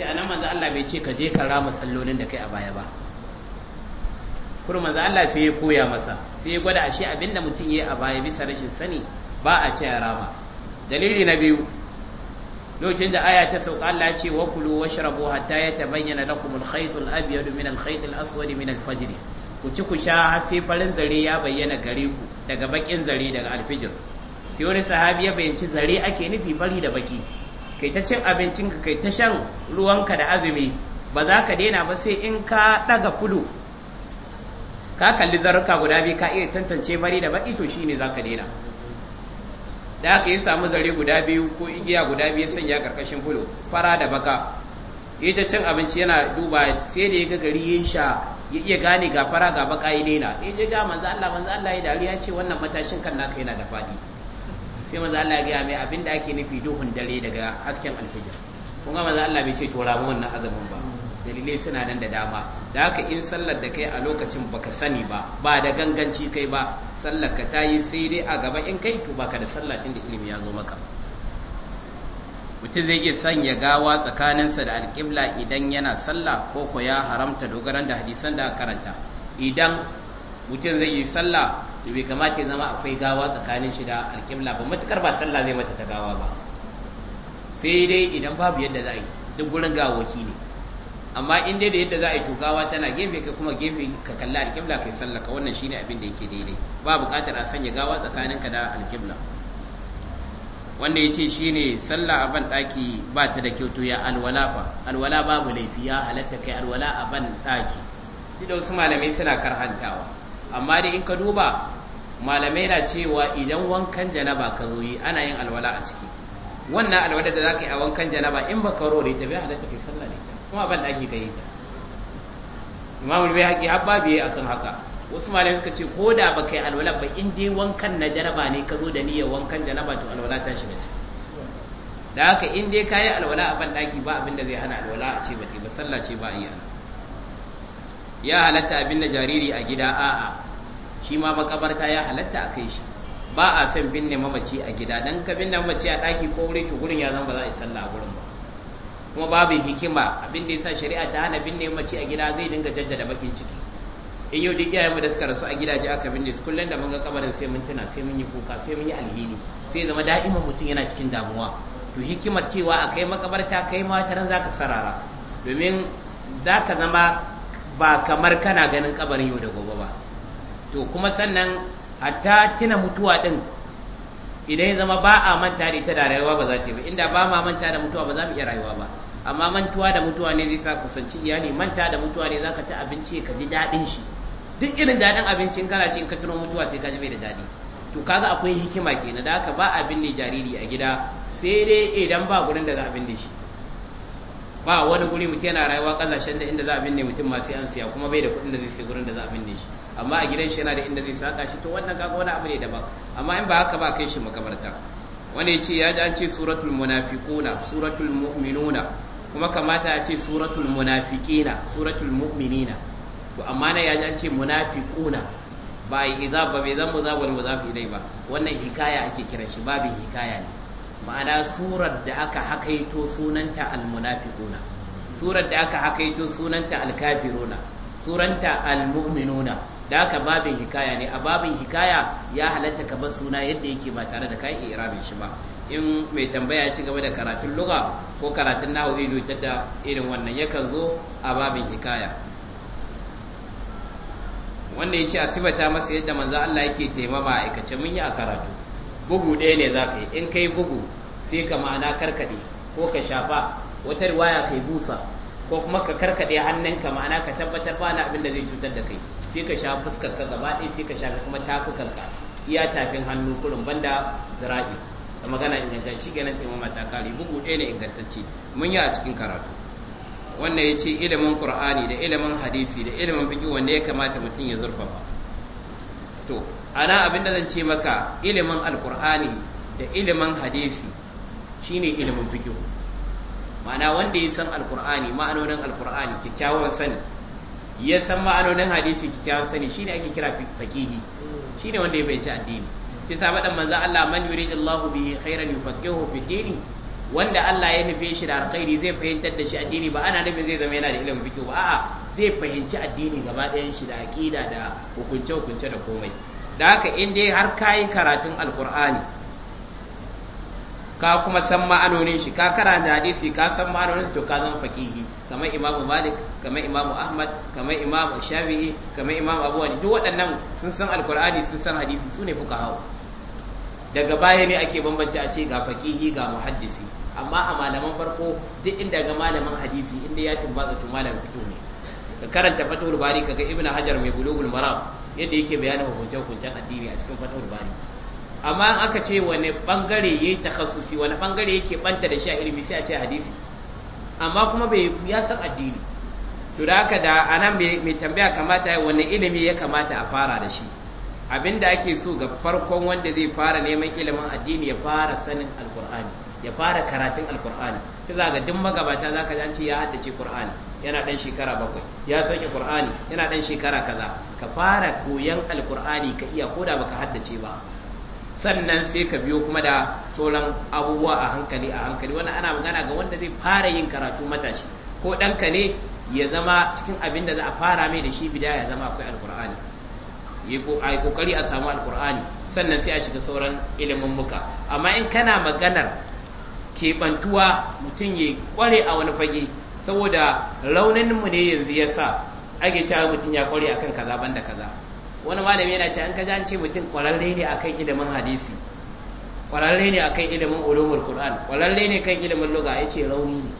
ce nan manzo Allah bai ce ka je ka rama sallolin da kai a baya ba kuma manzo Allah sai ya koya masa sai ya gwada ashe abinda mutum yi a baya bisa rashin sani ba a ce ya rama dalili na biyu lokacin da aya ta sauka Allah ce wa kulu washrabu hatta yatabayyana lakum al-khayt al-abyad min al-khayt al-aswad min al-fajr ku ci ku sha har sai farin zare ya bayyana gare ku daga bakin zare daga alfijir sai wani sahabi ya bayyanci zare ake nufi fari da baki kai ta cin abincinka kai ta shan ruwanka da azumi ba za ka daina ba sai in ka daga fudu ka kalli zarurka guda biyu ka iya tantance bari da baki to shine za ka daina da aka yi samu zare guda biyu ko igiya guda biyu sanya karkashin fudu? fara da baka ita cin abinci yana duba sai da ya ga gari ya sha ya iya gane ga fara ga baka ya daina ya je ga manzo Allah manzo Allah ya dariya ce wannan matashin kan naka yana da fadi sai maza Allah ya gaya mai abin da ake nufi duhun dare daga hasken alfijir kun ga maza Allah bai ce to ba wannan azumin ba dalilai suna nan da dama da haka in sallar da kai a lokacin baka sani ba ba da ganganci kai ba sallar ka tayi sai dai a gaba in kai to baka da sallah tun da ilimi ya zo maka mutum zai iya sanya gawa tsakaninsa da alƙibla idan yana sallah ko ko ya haramta dogaran da hadisan da karanta idan mutum zai yi sallah to bai kamata ya zama akwai gawa tsakanin shi da alƙibla ba matukar ba sallah zai mata ta gawa ba sai dai idan babu yadda za a yi duk gurin gawaki ne amma in dai da yadda za a yi to gawa tana gefe ka kuma gefe ka kalli alƙibla kai sallah ka wannan shine abin da yake daidai ba buƙatar a sanya gawa ka da alƙibla wanda ya ce shi ne sallah a ban ɗaki ba ta da kyautu ya alwala fa alwala babu laifi ya halatta kai alwala a ban ɗaki duk wasu malamai suna karhantawa amma dai in ka duba malamai na cewa idan wankan janaba ka zo yi ana yin alwala a ciki wannan alwala da zaka yi a wankan janaba in baka rore ta bai halatta kai sallah ne kuma ban daki kai ta imamu bai haƙi habba biye akan haka wasu malamai suka ce ko da baka yi alwala ba in dai wankan na janaba ne ka zo da niyyar wankan janaba to alwala ta shiga ciki da haka in dai yi alwala a ban daki ba abin da zai hana alwala a ce ba ba sallah ce ba a yi alwala ya halatta abin da jariri a gida a'a shi ma makabarta ya halatta a kai shi ba a san binne mamaci a gida dan ka binne mamaci a daki ko wuri ki gurin ya zan ba za a yi sallah gurin ba kuma babu hikima abin da yasa shari'a ta hana binne mamaci a gida zai dinga jaddada bakin ciki in yau duk iyayenmu da suka rasu a gidaje aka binne su kullum da mun ga kabarin sai mun tuna sai mun yi kuka sai mun yi alhini sai zama da'iman mutum yana cikin damuwa to hikimar cewa a kai makabarta kai ma taron ran zaka sarara domin zaka zama ba kamar kana ganin kabarin yau da gobe ba to kuma sannan hatta tuna mutuwa din idan ya zama ba a manta da ita da rayuwa ba za ta ba inda ba ma manta da mutuwa ba za mu iya rayuwa ba amma mantuwa da mutuwa ne zai sa kusanci iyali manta da mutuwa ne zaka ci abinci ka ji daɗin shi duk irin daɗin abincin kana ci in ka tuno mutuwa sai ka ji bai da daɗi to kaga akwai hikima kenan da haka ba abin ne jariri a gida sai dai idan ba gurin da za a binne shi ba wani guri mutum yana rayuwa kasashen da inda za a binne mutum masu yansu ya kuma bai da kuɗin da zai sai gurin da za a binne shi amma a gidan shi yana da inda zai saka shi to wannan kaga wani abu ne daban amma in ba haka ba kai shi makabarta wani ya ce ya ji an ce suratul munafiquna suratul mu'minuna kuma kamata ya ce suratul munafiqina suratul mu'minina to amma na ya ji an ce munafiquna ba idza ba bai zan mu muzafi dai ba wannan hikaya ake kiran shi babin hikaya ne ma'ana surar da aka hakaito sunanta almunafiquna surar da aka hakaito sunanta alkafiruna suranta almu'minuna da aka babin hikaya ne a babin hikaya ya halatta ka bar suna yadda yake ba tare da kai irabin shi ba in mai tambaya ci gaba da karatun luga ko karatun nahu zai lura da irin wannan yakan zo a babin hikaya wanda ya ce a masa yadda manzo Allah yake taimama a aikace mun yi a karatu bugu ɗaya ne za ka yi in kai bugu sai ka ma'ana karkaɗe ko ka shafa wata riwaya kai busa ko kuma ka karkaɗe hannunka ma'ana ka tabbatar ba na abin da zai cutar da kai sai ka shafa fuskar ka gaba ɗaya sai ka shafa kuma tafukanka iya tafin hannu kurin banda zira'i da magana ingantacce ganin taimama ta kare bugu ɗaya ne ingantacce mun yi a cikin karatu wannan ya ce ilimin qur'ani da ilimin hadisi da ilimin fiqh wanda ya kamata mutum ya zurfafa to ana abin da zan ce maka ilimin alkur'ani da ilimin hadisi shine ilimin fikihu ma'ana wanda ya san alkur'ani ma'anonin alkur'ani kyakkyawan sani ya san ma'anonin hadisi kyakkyawan sani shine ake kira fakihi shine wanda ya fahimci addini shi sa madan manzo Allah man Allahu bihi khairan yufaqihu fi dini wanda Allah ya nufe shi da alkhairi zai fahimtar da shi addini ba ana nufin zai zama yana da ilimin fito ba a'a zai fahimci addini gaba ɗayan shi da aqida da hukunce hukunce da komai da haka in dai har kayi karatun alqur'ani ka kuma san ma'anonin shi ka karanta hadisi ka san ma'anonin shi to ka zama fakihi kamar Imam Malik kamar Imam Ahmad kamar Imam Shafi'i kamar Imam Abu Hanifa duk waɗannan sun san alqur'ani sun san hadisi su ne hau. daga baya ne ake bambance a ce ga fakihi ga muhaddisi amma a malaman farko duk inda ga malaman hadisi inda ya tumbatsa tun malam fito ne ka karanta fatahul bari kaga ibn hajar mai bulugul maram yadda yake bayanin hukuncen hukuncen addini a cikin fatahul bari amma aka ce wani bangare yayi takhassusi wani bangare yake banta da shi a ilimi sai a ce hadisi amma kuma bai ya san addini to da haka da anan mai tambaya kamata wani ilimi ya kamata a fara da shi abinda ake so ga farkon wanda zai fara neman ilimin addini ya fara sanin alkur'ani ya fara karatun alkur'ani ta za ga duk magabata za ka ce ya haddace kur'ani yana dan shekara bakwai ya sauke kur'ani yana ɗan shekara kaza ka fara koyan alkur'ani ka iya koda baka haddace ba sannan sai ka biyo kuma da sauran abubuwa a hankali a hankali wannan ana magana ga wanda zai fara yin karatu matashi ko ɗanka ne ya zama cikin abin da za a fara mai da shi bidaya ya zama akwai alkur'ani a yi kokari a samu alkur'ani sannan sai a shiga sauran ilimin muka amma in kana maganar keɓantuwa mutum ya kware a wani fage saboda rauninmu ne yanzu ya sa ake cewa mutum ya kware akan kaza banda kaza wani malami yana ce an ka an ce mutum kwararre ne akan ilimin hadisi kwararre ne akan ilimin ulumul qur'an kwararre ne kan ilimin lugha yace rauni ne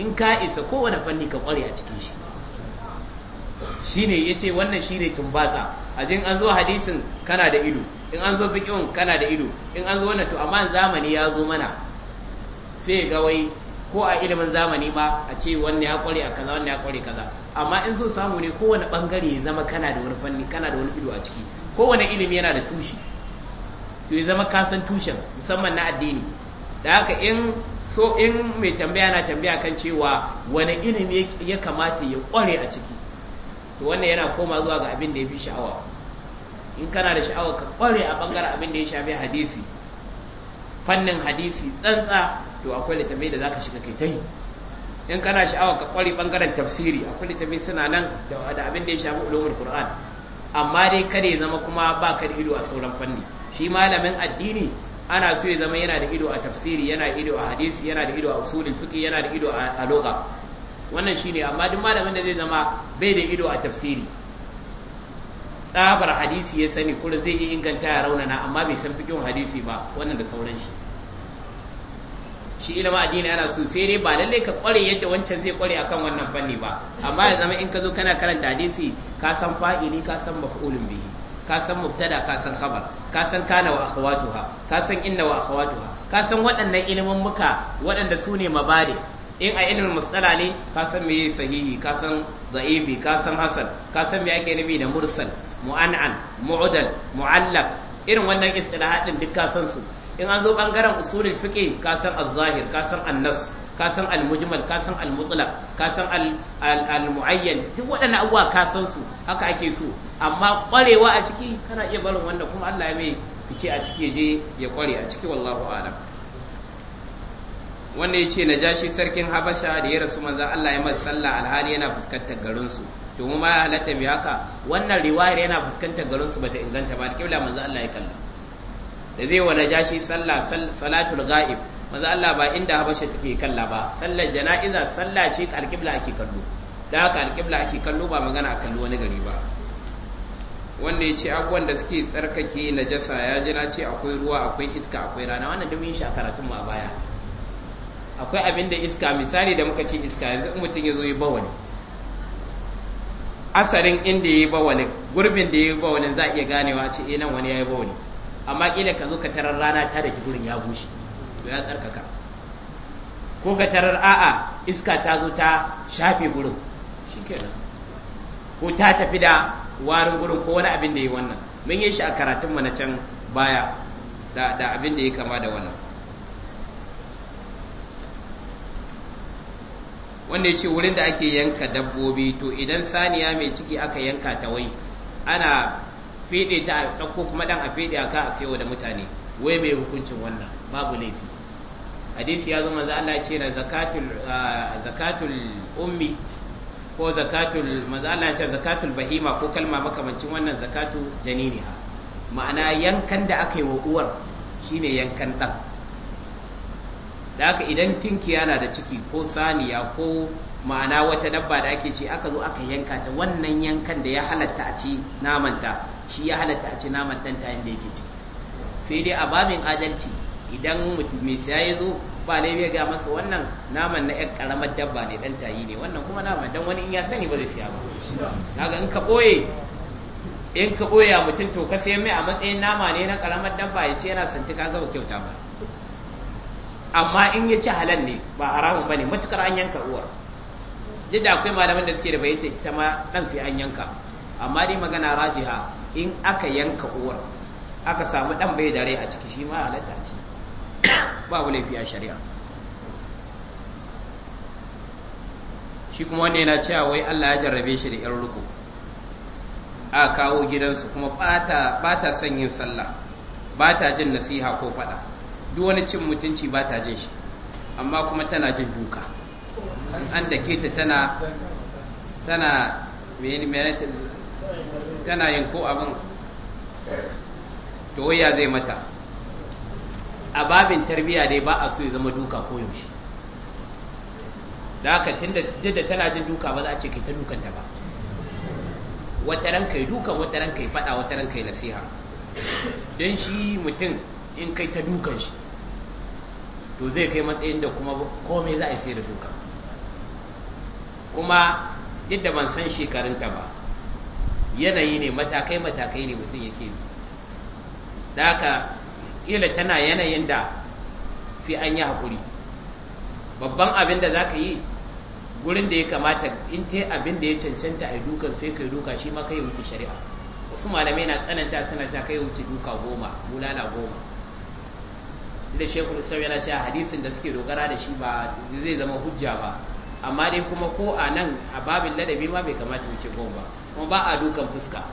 in ka isa kowane fanni ka kware a cikin shi shine yace wannan shine tumbatsa a jin an zo hadisin kana da ido in an zo fiqhun kana da ido in an zo wannan to amma zamani ya zo mana sai ga wai ko a ilimin zamani ba a ce wanne ya kware a kaza wanne ya kware kaza amma in so samu ne kowane bangare ya zama kana da wani fanni kana da wani ido a ciki kowane ilimi yana da tushe to ya zama kasan tushen musamman na addini da haka in so in mai tambaya na tambaya kan cewa wani ilimi ya kamata ya kware a ciki to wannan yana koma zuwa ga abin da ya fi sha'awa in kana da sha'awa ka kware a bangaren abin da ya shafi hadisi fannin hadisi tsantsa to akwai litafi da zaka shiga kai tai in kana sha'awa ka kware bangaren tafsiri akwai litafi suna nan da abin da ya shafi ulumul qur'an amma dai kada ya zama kuma ba ka da ido a sauran fanni shi malamin addini ana so ya zama yana da ido a tafsiri yana da ido a hadisi yana da ido a usulul fiqh yana da ido a lugha wannan shine amma duk malamin da zai zama bai da ido a tafsiri tsabar hadisi ya sani kuma zai iya inganta ya raunana amma bai san fikin hadisi ba wannan da sauran shi shi ilimin addini yana so sai dai ba lallai ka kware yadda wancan zai kware akan wannan fanni ba amma ya zama in ka zo kana karanta hadisi ka san fa'ili ka san maf'ulun bihi ka san mubtada ka san khabar ka san kana wa akhawatuha ka san inna wa akhawatuha ka san waɗannan ilimin muka waɗanda su ne mabade in a ilimin matsala ne ka san meye sahihi ka san da'ibi ka san hasan ka san me ake nufi da mursal mu'an'an mu'udal mu'allaq irin wannan istilahat din duk ka san su in an zo bangaren usulul fiqh ka san az-zahir ka san an-nas ka san al-mujmal ka san al-mutlaq ka san al-muayyan duk waɗannan abubuwa ka san su haka ake so amma kwarewa a ciki kana iya barin wannan kuma Allah ya mai fice a ciki je ya kware a ciki wallahu a'lam wanda ya ce na jashi sarkin habasha da ya rasu manzan Allah ya masa sallah alhali yana fuskantar garinsu to mu ma halatta mai haka wannan riwayar yana fuskantar garinsu bata inganta ba alƙibla manzan Allah ya kalla da zai wa jashi sallah salatul ga'ib manzan Allah ba inda habasha take kalla ba sallar jana'iza sallah ce alƙibla ake kallo da haka alkibla ake kallo ba magana a kallo wani gari ba wanda ya ce abubuwan da suke tsarkake najasa ya ji na ce akwai ruwa akwai iska akwai rana wannan domin shakaratun shi a ma baya akwai abin da iska misali da muka ce iska yanzu in mutum ya zo yi ne asarin inda ya yi ne gurbin da ya yi ne za a iya ganewa ce ina eh, wani ya yi ne amma kila ka zo ka tarar rana ta da gurin ya bushe to ya tsarkaka ko ka tarar a'a iska ta zo ta shafe gurin shikenan ko ta tafi da warin gurin ko wani abin da ya yi wannan mun yi shi a karatunmu na can baya da abin da ya kama da wannan wanda ya ce wurin da ake yanka dabbobi to idan saniya mai ciki aka yanka ta wai ana fede ta ɗauko kuma ɗan a fede a ka a sayo da mutane wai mai hukuncin wannan babu laifi hadisi ya zo za Allah ce na zakatul zakatul ummi ko zakatul ce zakatul bahima ko kalma makamancin wannan zakatu janiniha ma'ana yankan da aka yi wa uwar shine yankan ɗan da haka idan tinkiya na da ciki ko saniya ko ma'ana wata dabba da ake ce aka zo aka yanka ta wannan yankan da ya halatta a ci namanta shi ya halatta a ci naman ɗan tayin da yake ciki sai dai a babin adalci idan mutum mai siya ya zo ba ne ya ga masa wannan naman na yan karamar dabba ne ɗan tayi ne wannan kuma naman dan wani in ya sani ba zai siya ba kaga in ka ɓoye in ka boye mutum to ka sai mai a matsayin nama ne na karamar dabba ya ce yana santi kaga ba kyauta ba amma in ya ci halal ne ba haramun ne, matukar an yanka uwar duk da akwai malaman da suke da bayyanta ita ma dan sai an yanka amma dai magana rajiha in aka yanka uwar aka samu dan bai da rai a ciki shi ma halatta ce babu laifi a shari'a shi kuma wanda yana cewa wai Allah ya jarrabe shi da yan ruku a kawo gidansu kuma bata ta son yin sallah bata jin nasiha ko faɗa. duk wani cin mutunci ba ta jin shi amma kuma tana jin duka an da ke ta tana tana yin ko abin to waya zai mata a babin tarbiyya dai ba a so ya zama duka ko yaushe da haka tunda da tana jin duka ba za a ce ke ta dukanta ba wata ran kai dukan wata ran kai fada wata ran kai nasiha dan shi mutum in kai ta dukan shi to zai kai matsayin da kuma komai za a sai da dukan kuma yadda ban san shekarunta ba yanayi ne matakai matakai ne mutum yake bi da haka kila tana yanayin da sai an yi haƙuri babban abin da za ka yi gurin da ya kamata in ta abin da ya cancanta a dukan sai kai duka shi ma kai wuce shari'a wasu malamai na tsananta suna cewa kai wuce duka goma bulala goma da shekul islam yana cewa hadisin da suke dogara da shi ba zai zama hujja ba amma dai kuma ko a nan a babin ladabi ma bai kamata wuce goma ba kuma ba a dukan fuska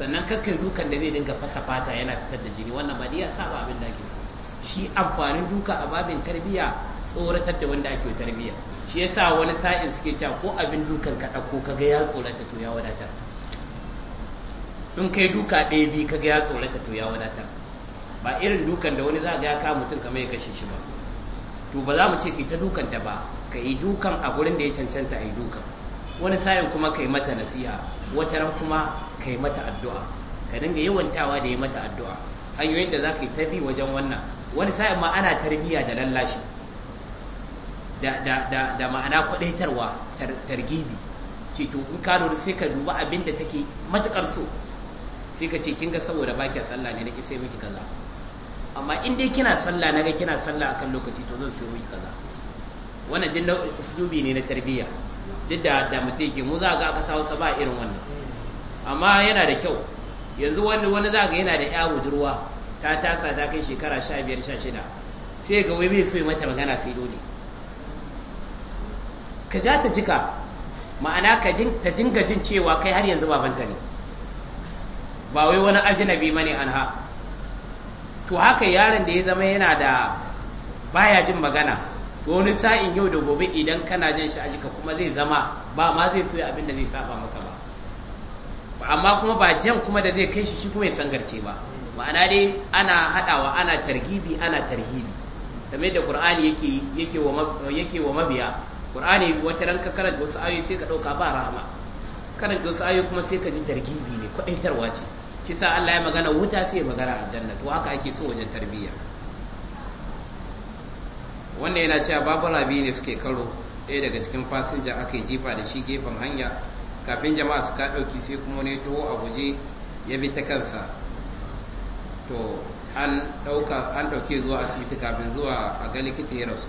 sannan kakkai dukan da zai dinga fasa fata yana fitar da jini wannan ba ya saba abin da ake so shi amfanin duka a babin tarbiyya tsoratar da wanda ake tarbiyya shi yasa wani sa'in suke cewa ko abin dukan ka ɗauko kaga ya tsorata to ya wadatar in kai duka ɗaya biyu kaga ya tsorata to ya wadatar ba irin dukan da wani za ga ya kawo mutum kamar ya kashe shi ba to ba za mu ce ki ta dukan ta ba ka yi dukan a gurin da ya cancanta a yi dukan wani sa'in kuma ka yi mata nasiha ran kuma ka yi mata addu'a ka dinga yawantawa da yi mata addu'a hanyoyin da za ka yi ta bi wajen wannan wani sa'in ma ana tarbiyya da lallashi da ma'ana kwadaitarwa targibi ce to in ka lura sai ka duba abin da take matukar so sai ka ce kin ga saboda ba kya sallah ne nake sai miki kaza amma in dai kina sallah naga kina sallah akan lokaci to zan sai miki kaza wannan din usubi ne na tarbiyya duk da da mutum yake mu za ga aka sawo sa ba irin wannan amma yana da kyau yanzu wani wani za ga yana da ya budurwa ta tasa ta kai shekara 15 16 sai ga wai bai so yi mata magana sai dole ka ja ta jika ma'ana ka ta dinga jin cewa kai har yanzu babanta ne ba wai wani ajinabi an anha to haka yaron da ya zama yana da baya jin magana wani sa'in yau da gobe idan kana jin shi a jika kuma zai zama ba ma zai soya abin da zai saba maka ba amma kuma ba jan kuma da zai kai shi shi kuma ya sangarce ba ma'ana dai ana haɗawa ana targibi ana tarhibi kamar da ƙur'ani yake wa mabiya kur'ani wata ranka karanta wasu ayoyi sai ka dauka ba rahama karanta wasu ayoyi kuma sai ka ji targibi ne kwadaitarwa ce kisa Allah ya magana wuta sai ya magana janna to haka ake so wajen tarbiyya wanda yana cewa babu rabi ne suke karo ɗaya daga cikin fasinja aka yi jifa da shi gefen hanya kafin jama'a su ka ɗauki sai kuma ne toho a guje ya bi ta kansa to an ɗauke zuwa asibiti kafin zuwa a ga likita ya rasu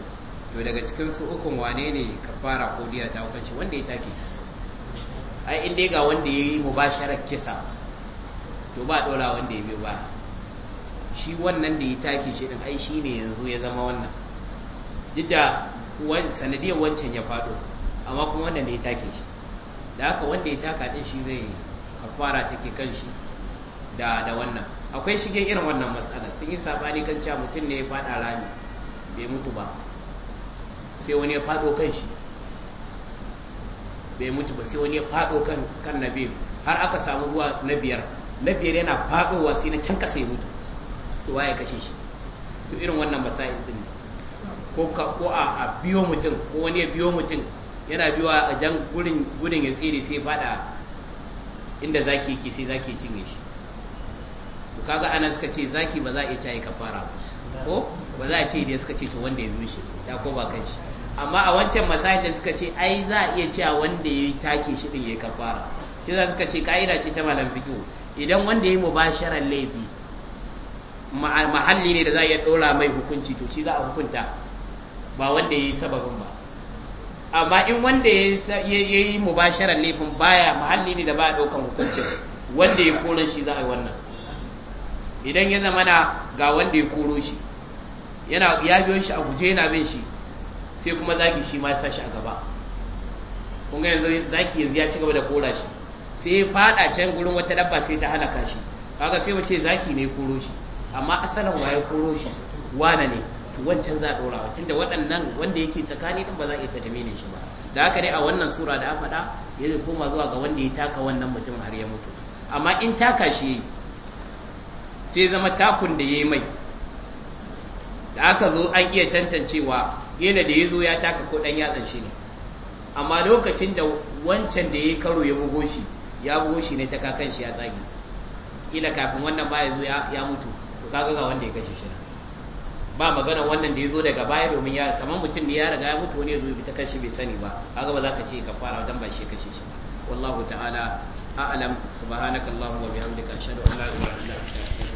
to daga cikin su ukun wane ne kafara ko diya ta hukunci wanda ya take shi ai in dai ga wanda ya yi mubasharar kisa to ba dora wanda ya biyo ba shi wannan da ya take shi din ai shine yanzu ya zama wannan duk da sanadiyar wancan ya faɗo amma kuma wannan da ya take shi da haka wanda ya taka din shi zai kafara take kan shi da da wannan akwai shige irin wannan matsala sun yi sabani kan cewa mutum ne ya faɗa rami bai mutu ba sai wani ya faɗo kan shi bai mutu ba sai wani ya faɗo kan kan na biyu har aka samu zuwa na biyar na biyar yana faɗowa sai na can kasa ya mutu to waye kashe shi to irin wannan masa'il din ko ko a biyo mutum ko wani ya biyo mutum yana biyo a jan gurin gudun ya tsere sai faɗa inda zaki yake sai zaki cinye shi to kaga anan suka ce zaki ba za a iya caye kafara ba ko ba za a ce idan suka ce to wanda ya biyo shi ya ko ba kan shi amma a wancan masahidin da suka ce ai za a iya cewa wanda ya yi take shi din ya kafara shi za suka ce ka'ida ce ta malam fiqh idan wanda ya yi mubasharar laifi mahalli ne da za a iya ɗora mai hukunci to shi za a hukunta ba wanda ya yi sababin ba amma in wanda ya yi mubasharar laifin baya mahalli ne da ba a ɗaukan hukuncin wanda ya koro shi za a yi wannan idan ya zama na ga wanda ya koro shi yana ya biyo shi a guje yana bin shi sai kuma zaki shi ma ya a gaba kun yanzu zaki yanzu ya ci gaba da kora shi sai ya fada can gurin wata dabba sai ta halaka shi kaga sai mace zaki ne koro shi amma asalin waye koro shi wane ne to wancan za a dora wa tunda waɗannan wanda yake tsakani din ba za a iya tadmini shi ba da haka ne a wannan sura da faɗa ya koma zuwa ga wanda ya taka wannan mutum har ya mutu amma in taka shi sai zama takun da ya yi mai da aka zo an iya tantancewa yana da ya zo ya taka ko dan yatsan shi ne amma lokacin da wancan da ya yi karo ya bugo shi ya bugo shi ne ta kakan shi ya tsage kila kafin wannan ba ya zo ya mutu to kaga ga wanda ya kashe shi na, ba magana wannan da ya zo daga baya domin ya kamar mutum da ya riga ya mutu wani ya zo ya ta kashe bai sani ba kaga ba za ka ce ka fara dan ba shi ya kashe shi ba wallahu ta'ala a'lam subhanakallahumma wa bihamdika ashhadu an la ilaha illa anta astaghfiruka